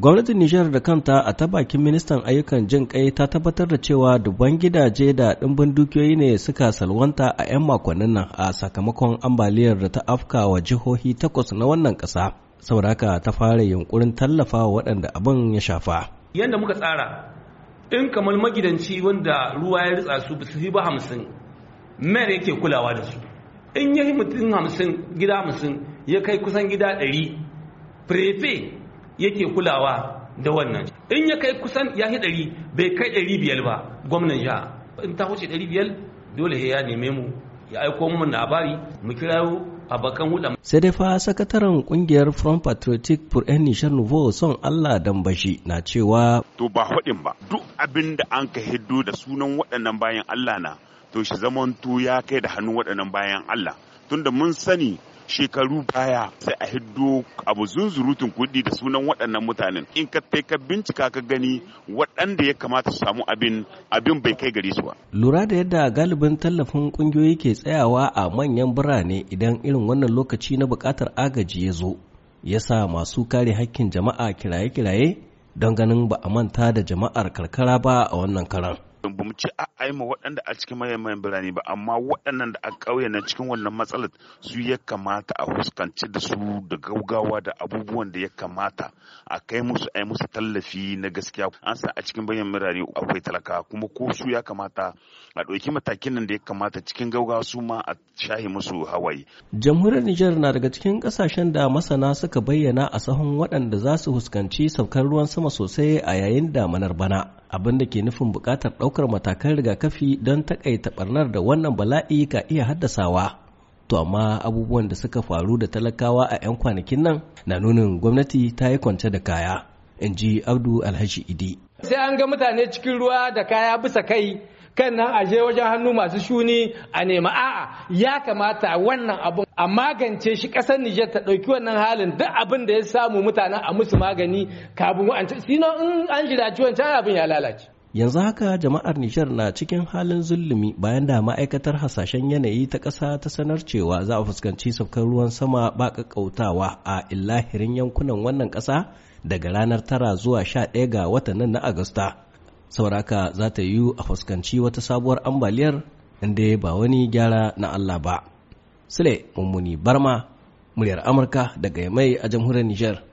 Gwamnatin Nijar da kanta a ta bakin ministan ayyukan jin kai ta tabbatar da cewa dubban gidaje da ɗimbin dukiyoyi ne suka salwanta a 'yan makonnin nan a sakamakon ambaliyar da ta afka wa jihohi takwas na wannan ƙasa. Saboda haka ta fara yunkurin tallafa waɗanda abin ya shafa. Yadda muka tsara, in kamar magidanci wanda ruwa ya ritsa su su fi ba hamsin, mayar yake kulawa da su. In ya yi mutum hamsin gida hamsin ya kai kusan gida ɗari, prefe yake kulawa da wannan in ya kai kusan ya hi ɗari bai kai ɗari biyar ba gwamnan jiha in ta wuce ɗari biyar dole ya neme mu ya aiko mu labari mu kiraro a bakan hula. Sai dai fa sakataren kungiyar Front Patriotic pour un Niger Nouveau son Allah Dambashi na cewa. To ba hudin ba duk abin da an ka hiddo da sunan waɗannan bayan Allah na to shi zamanto ya kai da hannu waɗannan bayan Allah tunda mun sani shekaru baya sai a hiddo abu zunzurutun kuɗi da sunan waɗannan mutanen in ka tai ka bincika ka gani waɗanda ya kamata su samu abin abin bai kai gari su ba lura da yadda galibin tallafin ƙungiyoyi ke tsayawa a manyan birane idan irin wannan lokaci na buƙatar agaji ya zo ya sa masu kare hakkin jama'a kiraye-kiraye don ganin ba a manta da jama'ar karkara ba a wannan karan. ba mu ci a aima waɗanda a cikin mayan birane ba amma waɗannan da a ƙauye na cikin wannan matsalar su ya kamata a fuskanci da su da gaugawa da abubuwan da ya kamata a kai musu ai musu tallafi na gaskiya an sa a cikin bayan birane akwai talaka kuma ko su ya kamata a ɗauki matakin nan da ya kamata cikin gaugawa su ma a shahi musu hawaye. jamhuriyar nijar na daga cikin ƙasashen da masana suka bayyana a sahun waɗanda za su fuskanci saukar ruwan sama sosai a yayin damanar bana. abin da ke nufin buƙatar ɗaukar matakan rigakafi don takaita ɓarnar da wannan bala'i ka iya haddasawa. To amma abubuwan da suka faru da talakawa a 'yan kwanakin nan na nunin gwamnati ta yi kwance da kaya, in ji Abdu Alhaji Idi. Sai an ga mutane cikin ruwa da kaya bisa kai kan nan aje wajen hannu masu shuni a nema a'a ya kamata wannan abun a magance shi kasar Nijar ta ɗauki wannan halin duk abin da ya samu mutanen a musu magani kafin ci. sino in an shi dace wancan abin ya lalace yanzu haka jama'ar Nijar na cikin halin zulumi bayan da ma'aikatar hasashen yanayi ta ƙasa ta sanar cewa za a fuskanci saukar ruwan sama ba ƙaƙƙautawa a illahirin yankunan wannan ƙasa daga ranar tara zuwa sha ɗaya ga watan nan na Agusta. sauraka za ta yiwu a fuskanci wata sabuwar ambaliyar inda ba wani gyara na Allah ba. Sule Mummuni Barma, muryar Amurka daga mai a jamhuriyar Nijar.